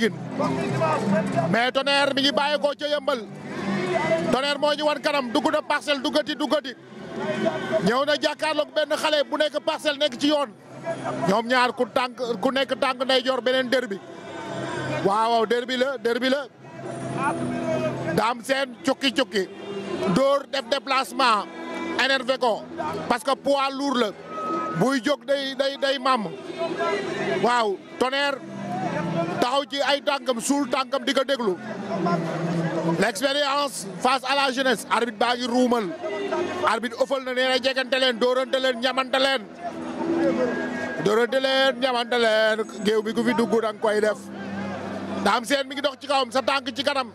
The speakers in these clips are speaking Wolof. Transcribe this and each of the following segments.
Pikine mais Tonnerre mi ngi bàyyeekoo ca yëmbal Tonnerre moo ñu wan kanam dugg na parcelle duggati duggati ñëw na jàkkaarloog benn xale bu nekk parcelle nekk ci yoon ñoom ñaar ku tànk ku nekk tànk nday beneen dër bi waaw waaw dër bi la dër bi la daam seen cukki cukki dóor def déplacement énervé ko parce que poids lourd la buy jóg day day day màmm waaw Tonnerre taxaw ci ay tànkam suul tànkam di ko déglu l'expérience face à la jeunesse arbitre baa ngi ruumal arbitre ëffal na nee na jegante leen dóorante leen bi ku fi dugg danga koy def daam seen mi ngi dox ci kaw kawam sa tànk ci kanam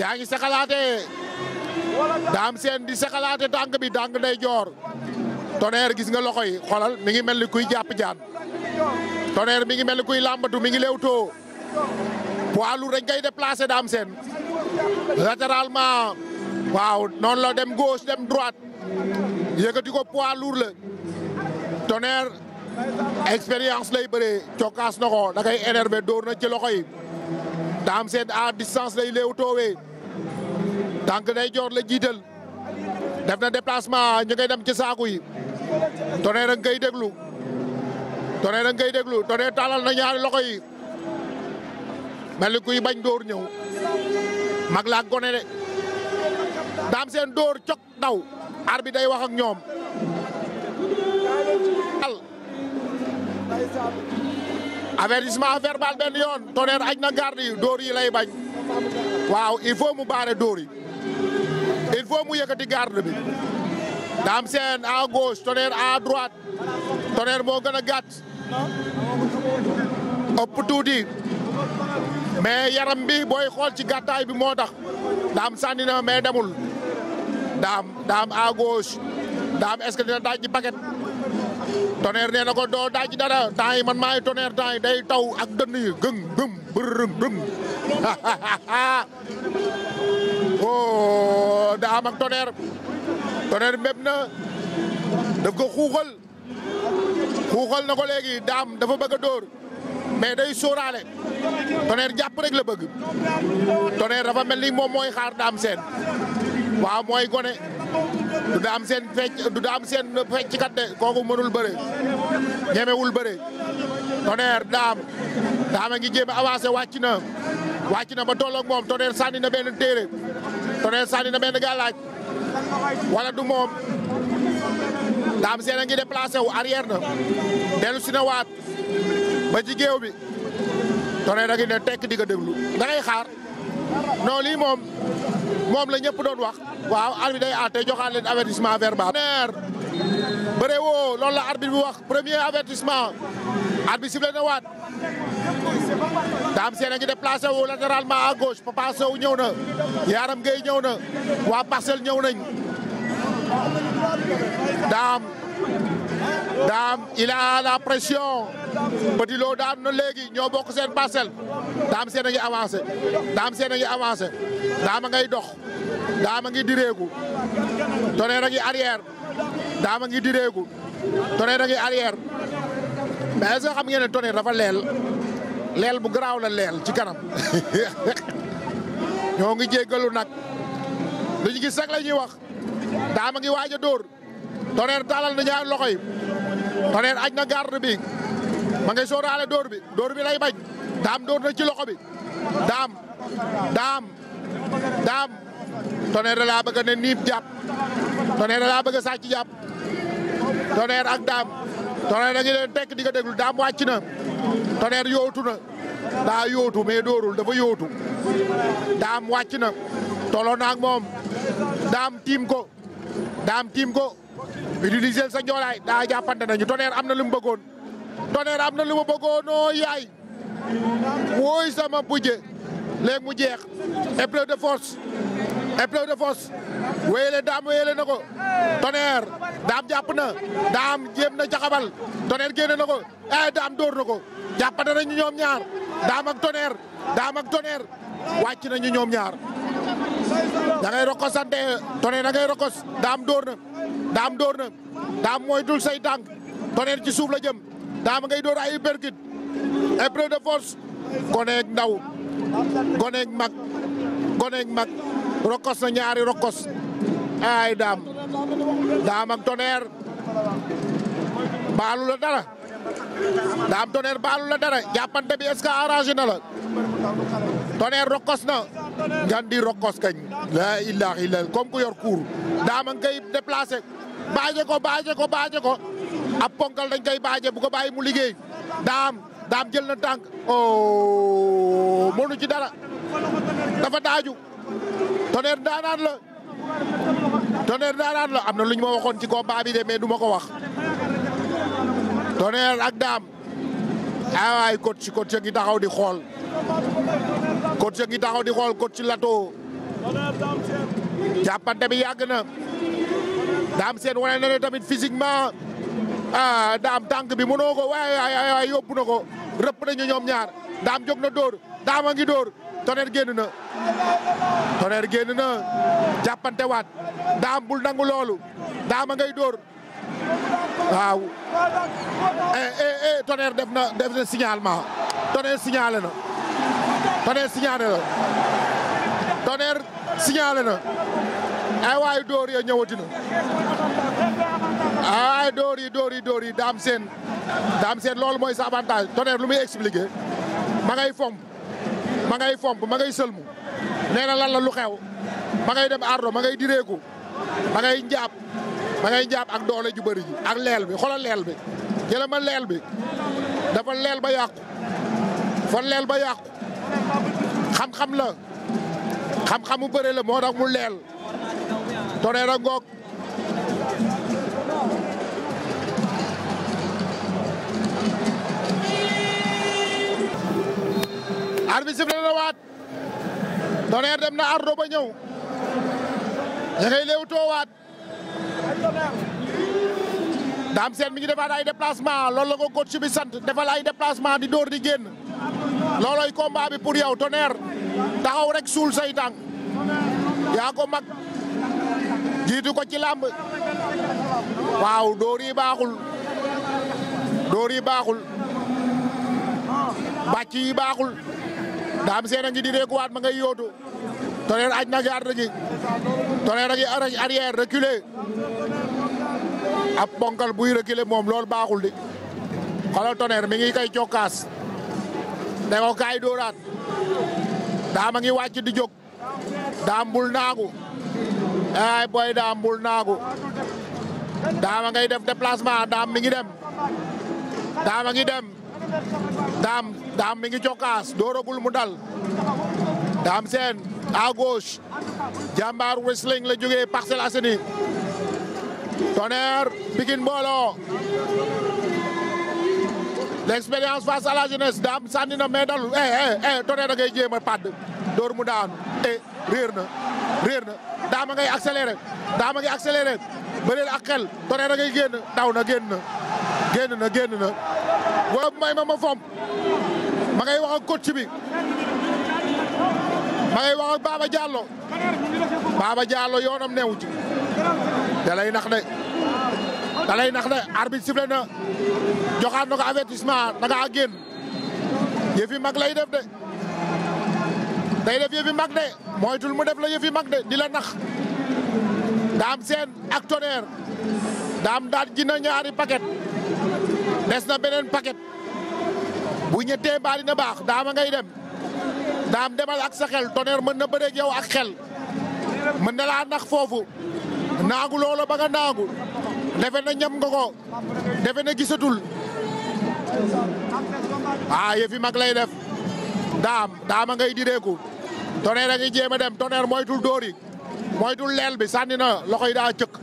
yaa ngi saxalaatee daam seen di saxalaate tànk bi tànk day joor tonnerre gis nga loxo yi xoolal mi ngi mel ni kuy jàpp jaan Tonnerre mi ngi mel ni kuy làmbatu mi ngi léewtoo poids lourd dañ koy déplacé Dame Sène latéralement waaw noonu la dem gauche dem droite yëkkati ko poids lourd la Tonnerre expérience lay bëree cokkaas na ko da kay énervé dóor na ci loxo yi Dame Sène à distance lay léewtoowee tànk day joor la jiital def na déplacement ñu ngay dem ci saaku yi Tonnerre nga koy déglu. Tonnerre da nga koy déglu Tonnerre taalal na ñaari loxo yi mel ni kuy bañ dóor ñëw mag laa gone de daam seen dóor cok daw ar bi day wax ak ñoom al avertissement verbal benn yoon Tonnerre aj na garde yi dóor yi lay bañ waaw il faut mu baare dóor yi il faut mu yëkkati garde bi Dame Sène à gauche Tonnerre à droite Tonnerre moo gën a gàtt ëpp tuuti mais yaram bi booy xool ci gàttaay bi moo tax Dame sànni na mais demul Dame Dame à gauche Dame est-ce que dina daaj ci paquet Tonnerre nee na ko doo daaj dara temps yi man maay Tonnerre temps yi day taw ak dënn yi gëm gëm bërërëm gëm oh Dame ak Tonnerre Tonnerre mbéb na daf ko xuuxal xuuxal na ko léegi daam dafa bëgg a dóor mais day sóoraale Tonnerre jàpp rek la bëgg Tonnerre dafa mel ni moom mooy xaar daam seen waaw mooy gone du daam seen fecc du daam seen fecckat de kooku mënul bëre ñemewul bëre Tonnerre daam daam a ngi jéem a avancé wàcc na wàcc na ba tolloog moom Tonnerre sànni na benn téere Tonnerre sànni na benn gàllaaj wala du moom Dame Sène a ngi déplacé wu arrière na dellu si na waat ba ci géew bi Tonnerre a ngi ne tekk di nga déglu da ngay xaar non lii moom moom la ñëpp doon wax waaw arbitre day àtte joxaat leen avertissement verbal. Tonnerre bëre woo loolu wax premier avertissement arbitre sifflé na waat. Dame Sène a ngi déplacé wu latéralement à gauche Papa wu ñëw na yaaram Gueye ñëw na waa Parcelles ñëw nañ Dame Dame la pression Petit Lo daan na léegi ñëw bokk seen Parcelles Dame Sène a ngi avancé Dame Sène a ngi avancé Dame ngay dox Dame a ngi direegu Tonnerre a ngi arrière Dame a ngi direegu Tonnerre a ngi arrière mais est xam ngeen ne dafa leel leel bu garaaw la leel ci kanam ñoo ngi jéggalu nag lu ñu gis sax la ñuy wax daama ngi waaj a dóor Tonnerre taalal na ñaar loxo yi Tonnerre aj na garde bi ma ngay sóoraale door bi door bi lay bañ daam dóor na ci loxo bi daam daam daam Tonnerre laa bëgg a ne niib jàpp Tonnerre laa bëgg a sàcc jàpp Tonnerre ak daam Tonnerre da ngi leen tekk di nga déglu daam wàcc na Tonnerre yootu na daa yootu mais dóorul dafa yootu daam wàcc na tolloon na moom daam tiim ko daam tiim ko utiliser sa joolaay daa jàppante nañu Tonnerre am na lu mu bëggoon Tonnerre am na lu mu bëggoon oo yaay wooy sama bujje léegi mu jeex épreuve de force épreuve de force wéyale daam wéyale na ko tonnerre daam jàpp na daam jéem na jaxabal tonnerre génne na ko eh daam dóor na ko jàppante nañu ñoom ñaar daam ak tonnerre daam ak tonnerre wàcc nañu ñoom ñaar. da ngay rokkosante tonnerre da ngay rokkos daam dóor na daam dóor na daam mooy dul say tànk tonnerre ci suuf la jëm daam ngay door ay uppercut épreuve de force goneeg ndaw goneeg mag goneeg mag. rokos na ñaari rokos ay daam daam ak baalu la dara daam tonnerre baalu la dara jàppante bi est-ce arrangé na la tonnerre rokos na ngan di rokos kañ la ilaha illa comme ku yor kuur daam a ngi baaje ko baaje ko baaje ko ab ponkal dañ koy baaje bu ko bàyyi mu liggéey daam daam jël na tànk o oh, mënu ci dara dafa daaju Tonnerre daanaan la Tonnerre daanaan la am na luñ ma waxoon ci combat bi de mais duma ko wax Tonnerre ak Dame aywaay ah coach coach a ngi taxaw di xool coach a ngi taxaw di xool kot coach Lato jàppante bi yàgg na Dame Sène wane na ne tamit physiquement a ah, Dame tànk bi mënoo ko waaye waaye yóbbu na ko rëpp nañu ñoom ñaar Dame jóg na dóor Dame a ngi dóor. Tonnerre génn na Tonnerre génn na jàppante waat daam bul nangu loolu daama ngay door waaw eh eh eh Tonnerre def na def na signalement Tonnerre signalé na Tonnerre signalé na na ay waay door ya ñëwati na ay door yi door yi dóor yi daam seen daam seen loolu mooy sa avantage Tonnerre lu muy expliqué ma ngay fomp ma ngay fomp ma ngay sëlmu nee na lan la lu xew ma ngay dem ardo ma ngay direeku ma ngay njaab ma ngay njaab ak doole ju bëri ak leel bi xoolal leel bi jëla ma leel bi dafa leel ba yàqu fa leel ba yàqu xam-xam la xam-xamu bëre la moo tax mu leel Tonnerre ngoog arbitre sifflé na waat Tonnerre dem na ardo ba ñëw ña ngay léewtoo waat Dame Sène mi ngi defaat ay déplacement loolu la ko coach bi sant defal ay déplacement di dóor di génn looloy combat bi pour yow Tonnerre taxaw rek suul say tànk yaa ko mag jiitu ko ci làmb waaw dóor yi baaxul dóor yi baaxul bàcc yi baaxul Dame Sène a ngi di reekuwaat ma ngay yóotu Tonnerre aj na garde gi Tonnerre a ngi arrière reculé ab ponkal buy reculé moom loolu baaxul di xoolal Tonnerre mi ngi koy cokkaas ne ko kaay dóoraat Dame ngi wàcc di jóg Dame bul naagu ay boy Dame bul naagu Dame a ngay def déplacement Dame mi ngi dem Dame a dem daam daam mi ngi cokkaas dooragul mu dal daam seen à gauche jàmbaar wrestling la jógee Parcelles Assainies Tonnerre Pikine Mbooloo l'expérience face à la jeunesse daam sànni na dalul eh eh eh Tonnerre da ngay jéem a padd door mu daanu eh réer na réer na daama ngay accéléré daama ngay accéléré bëreel ak xel Tonnerre da ngay génn daw na génn na wala may ma ma fomp ma ngay wax ak coach bi ma ngay wax ak Baba Diallo Baba Diallo yoonam newu ci dalay nax de dalay nax de arbitre sifflé na joxaat na ko avertissement da ngaa génn yëfi mag lay def de day def yëfi mag de moytul mu def la yëfi mag de di la nax daam seen ak tonnerre daam daal gina ñaari paquet des na beneen paquet bu ñettee mbaa dina baax daama ngay dem daam demal ak sa xel Tonnerre mën na bëreeg yow ak xel mën na laa nax foofu naagu loola ba nga naagu na ñam nga ko defe na gisatul ah yëfi mag lay def daam daama ngay direeku Tonnerre a ngi jéem a dem toneer moytul dóor yi moytul leel bi sànni na loxo yi daa cëkk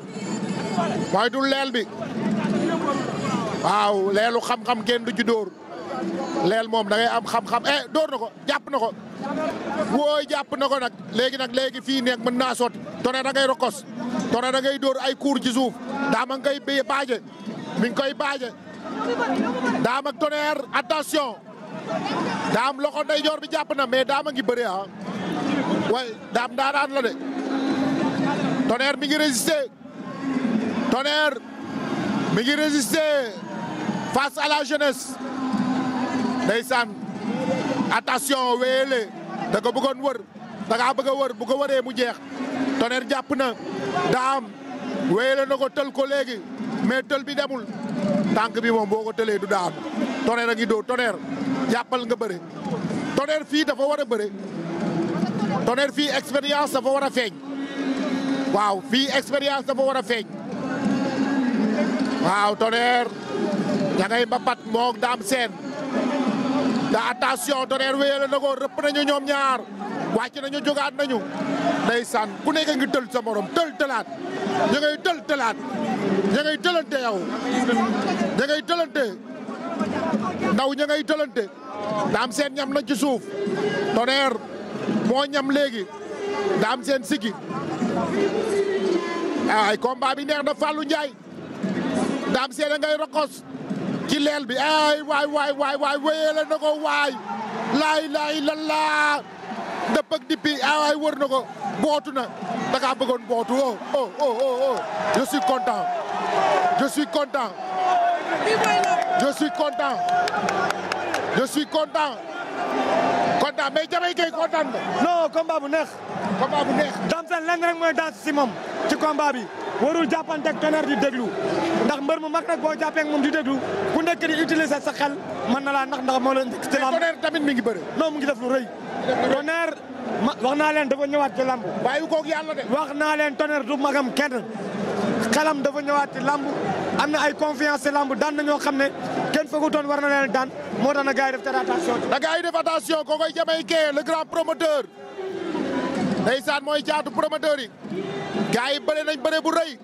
moytul leel bi. waaw leelu xam-xam kenn du ci dóor leel moom da am xam-xam eh dóor na ko jàpp na ko wooy jàpp na ko nag léegi nag léegi fii nekk mën naa sotti tone da ngay rokos tone da ngay dóor ay kuur ci suuf daama ngay koy baaje mi ngi koy baaje daam ak tonnerre attention daam loxo joor bi jàpp na mais daama ngi bëri ah way daam daanaan la de tonnerre mi ngi résister tonnerre mi ngi résister face à la jeunesse ndeysaan attention wéyele da ko bëggoon wër da ngaa bëgg a wër bu ko wëree mu jeex Tonnerre jàpp na daa na ko tël ko léegi mais tël bi demul tànk bi moom boo ko tëlee du daa am Tonnerre a ngi doo jàppal nga bëre Tonnerre fii dafa war a bëre Tonnerre fii expérience dafa war a feeñ waaw fii expérience dafa war a feeñ waaw Tonnerre ña ngay mbapat moog daam seen da attention Tonnerre wéyale na ko rëpp nañu ñoom ñaar wàcc nañu jógaat nañu ndeysaan ku nekk ngi tël sa morom tël tëlaat ña ngay tël tëlaat ña ngay tëlante yow ña ngay tëlante ndaw ña ngay tëlante daam seen ñam nañ ci suuf Tonnerre moo ñam léegi daam seen sikki ay combat bi neex na Fallou Ndiaye seen ngay rokos ci leel bi ay waay waay waay waay wéyale na ko waay laay laay laa dëpp ak dippi ay waay na ko bootu na da kaa bëggoon bootu oh, oh oh oh oh je suis content je suis content kontaan mais Jamaye Gueye kontaan nga. non combat bu neex. combat bu rek mooy danse si moom ci combat bi warul jàppanteeg tonnerre di déglu ndax mbër mu mag nag boo jàppee moom di déglu ku nekk di utiliser sa xel mën na laa ndax ndax moo la. ci lamb tonnerre tamit mi ngi bëri. non mu ngi def lu rëy. tonnerre ma wax naa leen dafa ñëwaat ci lamb. bàyyi koog yàlla de. wax naa leen tonnerre du magam kenn xelam dafa ñëwaat ci lamb am na ay confiance ci lamb daan na ñoo xam ne leen fëggutoon na leen daan moo tax na gars yi def attention. ko gars yi def attention le grand promoteur ndeysaan mooy jaatu promoteur yi gars yi bëre nañ bëre bu rëy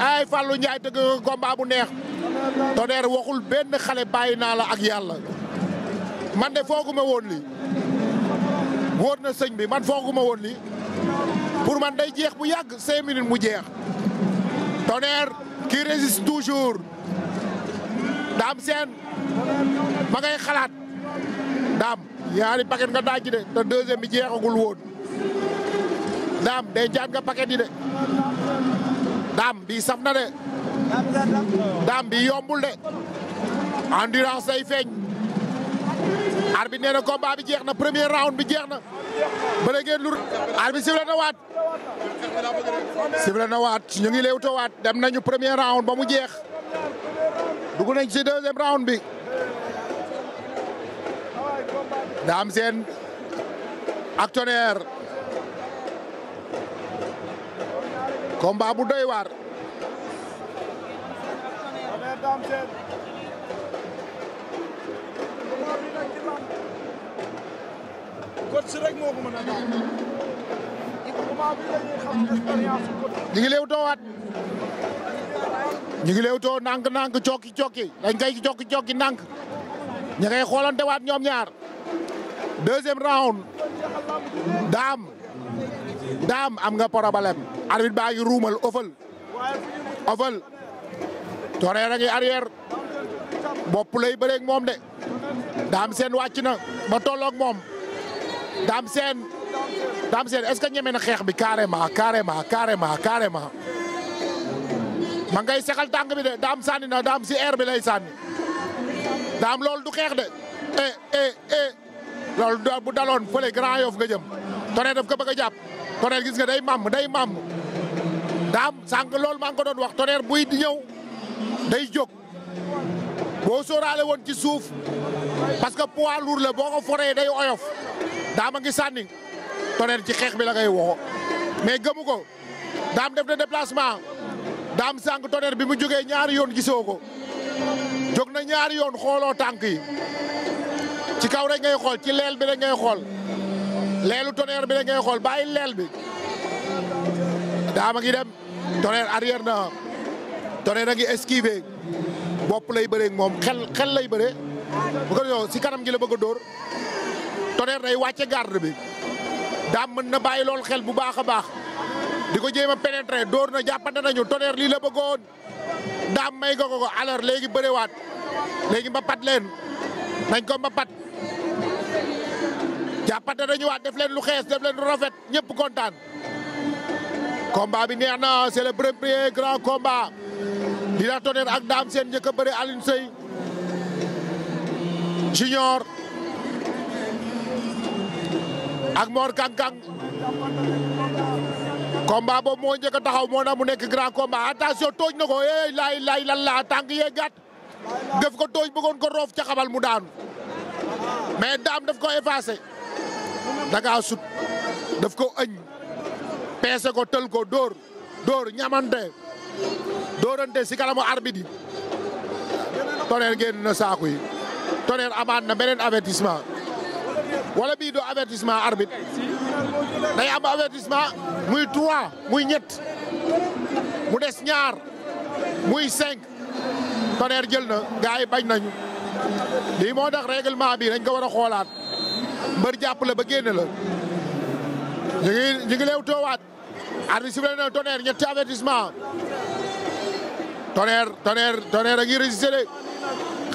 ay Fallou Ndiaye tëgg combat bu neex Tonnerre waxul benn xale bàyyi naa la ak yàlla man de fooguma woon li wóor na sëñ bi man fooguma woon li pour man day jeex bu yàgg cinq minutes mu jeex Tonnerre qui résiste toujours daam seen ma xalaat daam yaari paquet nga daaj de te deuxième bi jeexagul woon daam day jaat nga paquet yi de daam bi saf de daam bi yombul de endurance say feeñ arbitre nee na combat bi jeex na premier round bi jeex na bëre ngeen lu arbitre sifflé waat sifflé waat ñu ngi leewtoo dem nañu premier round ba mu jeex dugg nañ ci deuxième round bi Dame Sène ak Tonnerre combat bu doy waar ñu ngi léewtoo ndànk-ndànk cokki cokki dañ koy cokki cokki ndànk ñu ngay xoolante waat ñoom ñaar deuxième round daam daam am nga problème. arbitre baa ngi ruumal ofal ofal Tonnerre a ngi arrière bopp lay moom de daam seen wàcc na ba tolloog moom daam seen daam seen est-ce que ñeme na xeex bi carrément carrément carrément carrément. ma ngay sexal tàng bi de daam sànni na daam si air bi lay sànni daam loolu du xeex de e e e loolu bu daloon fële Grand Yoff nga jëm Tonnerre daf ko bëgg a jàpp Tonnerre gis nga day màmm day màmm daam sànq loolu maa ngi ko doon wax Tonnerre buy di ñëw day jóg boo sóoraale woon ci suuf parce que poids lourd la boo ko foree day oyof daam a ngi sànni Tonnerre ci xeex bi la koy woo mais gëmu ko daam def na déplacement daam sànq Tonnerre bi mu jógee ñaari yoon gisoo ko jóg na ñaari yoon xooloo tànk yi ci kaw rek ngay xool ci leel bi rek ngay xool leelu Tonnerre bi rek ngay xool bàyyi leel bi daama ngi dem Tonnerre arrière na Tonnerre a ngi esquivé bopp lay bëree moom xel xel lay bëree bu ko yow si kanam gi la bëgg a dóor Tonnerre day wàcce garde bi daam mën na bàyyi lool xel bu baax a baax di ko jéem a pénétrer door na jàppante nañu Tonnerre lii la bëggoon daam may nga ko ko alors léegi bëriwaat léegi mbapat leen nañ ko mbapat jàppante nañu waat def leen lu xees def leen lu rafet ñëpp kontaan. combat bi neex na c'est le premier grand combat dina Tonnerre ak Dame seen njëkk a bëri Alioune Seye junior ak Mor Kang Kang combat boobu moo njëkk a taxaw moo tax mu nekk grand combat attention tooj na ko eh laay laay lan laa tànk yee gàtt def ko tooj bëggoon ko roof ca mu daanu mais daam daf ko effacé da sut daf ko ëñ peese ko tël ko dóor dóor ñamante dóorante si kanamu arbitre yi Tonnerre génn na saaku yi Tonnerre amaat na beneen avertissement walla bii doo avertissement arbitre day am avertissement muy trois muy ñett mu des ñaar muy cinq Tonnerre jël na gars yi bañ nañu lii moo tax règlement bi dañ ko war a xoolaat mbër jàpp la ba génn la ñu ngi ñu ngi leew toowaat arbitre sifflé na Tonnerre ñetti avertissement Tonnerre Tonnerre Tonnerre a ngi résisté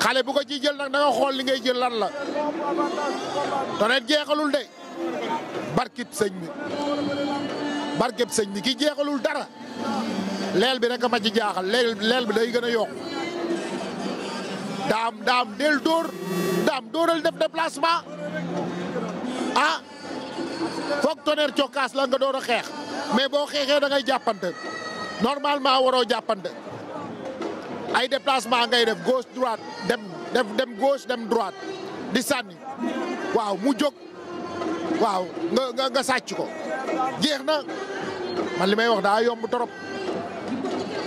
xale bu ko ci jël nag da nga xool li ngay jël lan la Tonnerre jeexalul de barkib sëñ bi barkib sëñ bi ki jeexalul dara leel bi rek a ma ci jaaxal leel bi day gën a yokku daam daam del dóor daam dóoral def déplacement a ah, foog tonnerre cokkaas la nga door a xeex mais boo xeexee da ngay jàppante normalement waroo jàppante ay déplacement ngay def gauche droite dem dem gauche dem droite di sànni waaw mu jóg waaw nga nga sàcc ko jeex na man li may wax daa yomb torop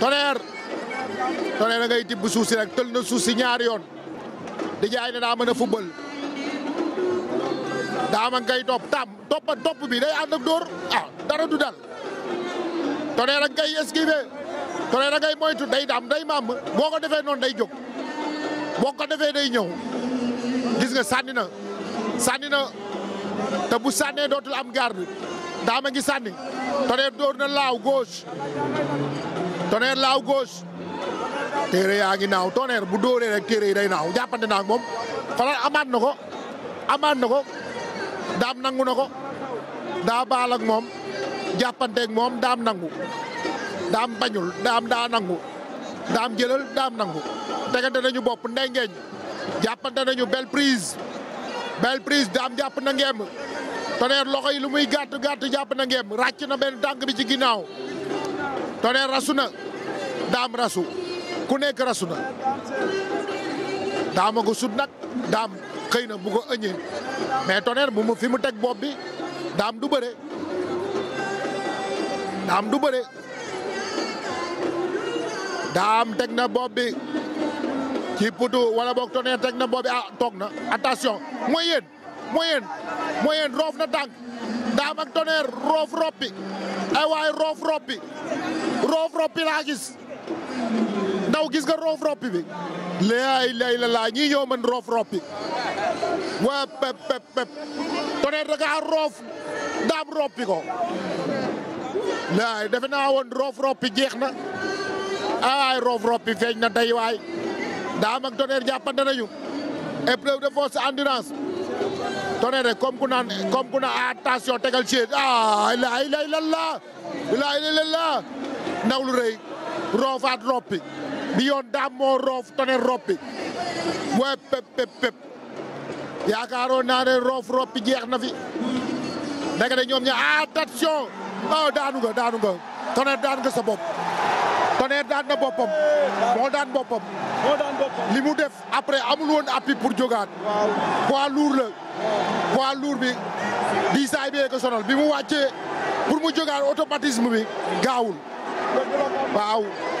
Tonnerre a ngay tibb suuf si rek tël na suuf si ñaari yoon di jaay ne daa mën a daa ma ngay topp tam toppa topp bii day ànd ak dóor ah dara du dal Tonnerre ngay esquiver Tonnerre ngay moytu day daam day màmm boo ko defee noonu day jóg boo ko defee day ñëw gis nga sànni na na te bu sànnee dootul am garde daama ngi sànni Tonnerre door na laaw goos Tonnerre laaw goos téere yaa ngi naaw Tonnerre bu dóoree rek téere yi day naaw jàppante naa moom xoolal amaat na ko amaat na ko daam nangu na ko daa baal ak moom jàppanteeg moom daam nangu daam bañul daam daa nangu daam jëlal daam nangu tegante nañu bopp ndengeeñ jàppante nañu belle prise belle prise daam jàpp na ngemb Tonnerre loxo yi lu muy gàtt gàtt jàpp na ngemb ràcc na benn tànk bi ci ginnaaw Tonnerre rasu na daam rasu ku nekk rasu na daama ko sut nag daam xëy na bu ko ëññee mais Tonnerre bu mu fi mu teg bopp bi daam du bëre daam du bëre daam teg na bopp bi kii putu wala boog Tonnerre teg na boobi ah toog na attention mooy yéen mooy yéen mooy yéen roof na tànk daam ak Tonnerre roof roppi ay waay roof roppi roof roppi laa gis ndaw gis nga roof roppi bi laay lay la laa ñii ñoo mën roof roppi waa pep pep pep da ngaa roof daam roppi ko laay defe naa woon roof roppi jeex na ay waay roof roppi feeñ na tey waay Dame ak Tonnerre jàppante nañu épreuve de force endurance Tonnerre comme ku naan comme ku naan attention tegal ci ah la ilaha illallah la ilaha illallah ndaw lu rëy roofaat roppi bi yoon Dame moo roof Tonnerre roppi waaye pep pep pep yaakaaroon naa ne roof roppi jeex na fi da nga ne ñoom ña attention oh daanu nga daanu nga Tonnerre daanu nga sa bopp. Tonnerre daan na boppam. moo daan boppam. moo daan li mu def après amul woon appui pour jógaat. poids lourd la. poids lourd bi diisaay bi ko sonal bi mu wàccee pour mu jógaat automatisme bi gaawul waaw.